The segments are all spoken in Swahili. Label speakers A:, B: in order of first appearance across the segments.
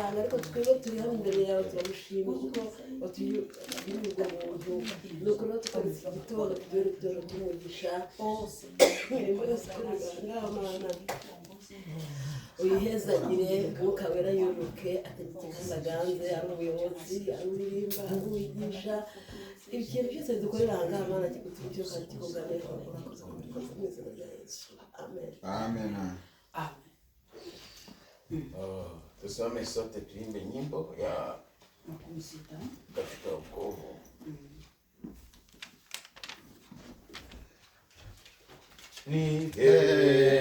A: cyane ariko twebwe turi hano imbere yawe turagushima kuko watugirira ubwo buntu ni ukuba tukabivuga gitondo tugiye gutera umugisha imirimo yose ikorerwa mana uyihezagire umwuka wera yoroke ategeke kasaganze ari ubuyobozi ari uririmba ari uwigisha ikintu cyose dukorera aha ngaha mana kigutuye kandi kikuganeho urakoze kubikoze mu izina amen
B: amen Tusome sote tuimbe nyimbo ya katika wokovu. Ni heri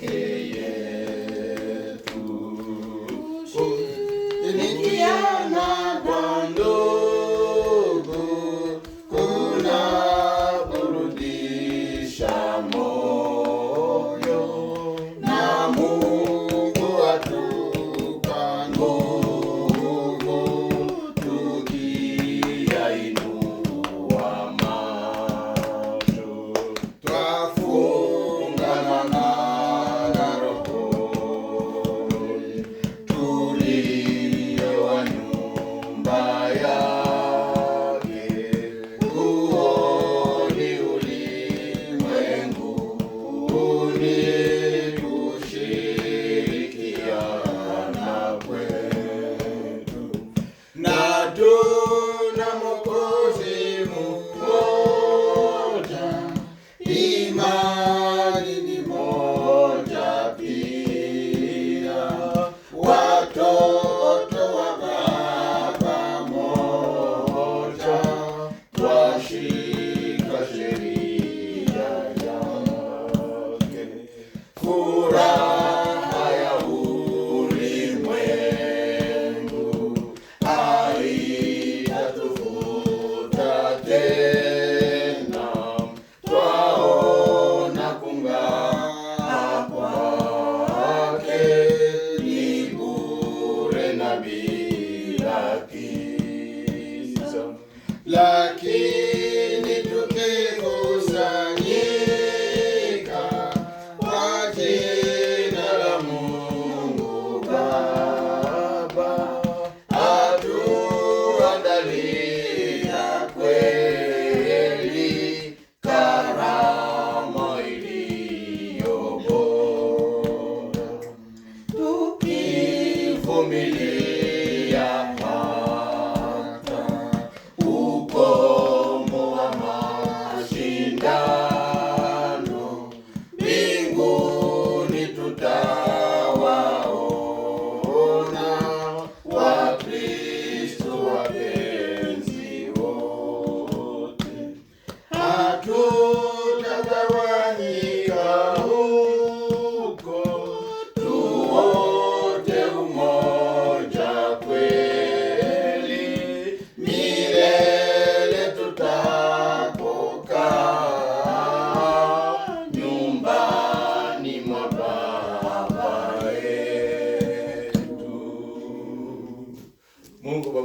B: King.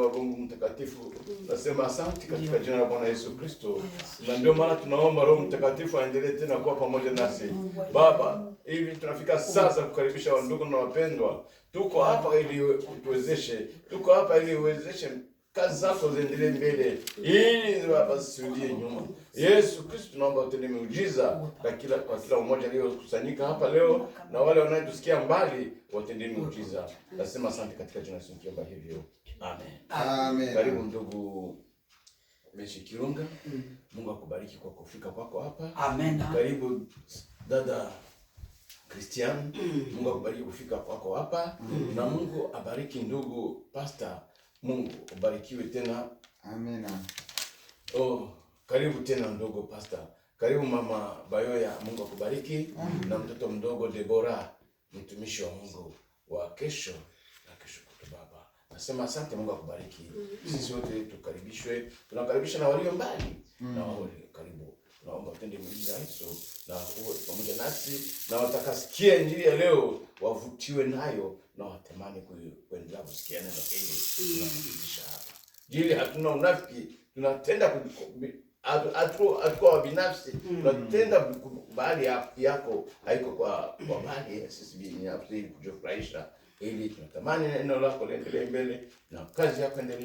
C: wa Mungu mtakatifu, mm. nasema asante katika jina la Bwana Yesu Kristo, na ndio maana tunaomba Roho Mtakatifu aendelee tena kuwa pamoja nasi mm. Baba. Hivi tunafika sasa kukaribisha wandugu na wapendwa, tuko hapa ili tuwezeshe, tuko hapa ili uwezeshe kazi zako ziendelee mbele, ili wasirudie nyuma. Yesu Kristo, naomba utende miujiza na kila kwa kila mmoja aliyokusanyika hapa leo, na wale wanaotusikia mbali watendee miujiza. Nasema asante katika jina la Yesu, hivyo
B: amen.
D: Amen.
C: Karibu ndugu Meshi Kirunga, Mungu akubariki kwa kufika kwako hapa. Amen. Karibu dada Christian, Mungu akubariki kufika kwako hapa, na Mungu abariki ndugu pastor Mungu ubarikiwe tena. Amina. Oh, karibu tena mdogo pasta, karibu mama Bayoya. Mungu akubariki na mtoto mdogo Debora, mtumishi wa Mungu wa kesho na kesho kutu. Baba nasema asante, Mungu akubariki. Mm-hmm. Sisi wote tukaribishwe, tunakaribisha na walio mbali mm. na wao karibu naomba tende mjini hizo na uwe pamoja nasi, na watakasikia injili ya leo wavutiwe nayo na watamani kuendelea kusikia neno hili tunafundisha hapa. Jili hatuna unafiki, tunatenda hatukuwa wa binafsi, mm. tunatenda bahari yako haiko kwa bahari ya sisi binafsi, ili kujifurahisha, ili tunatamani neno lako liendelee mbele na kazi yako endelee.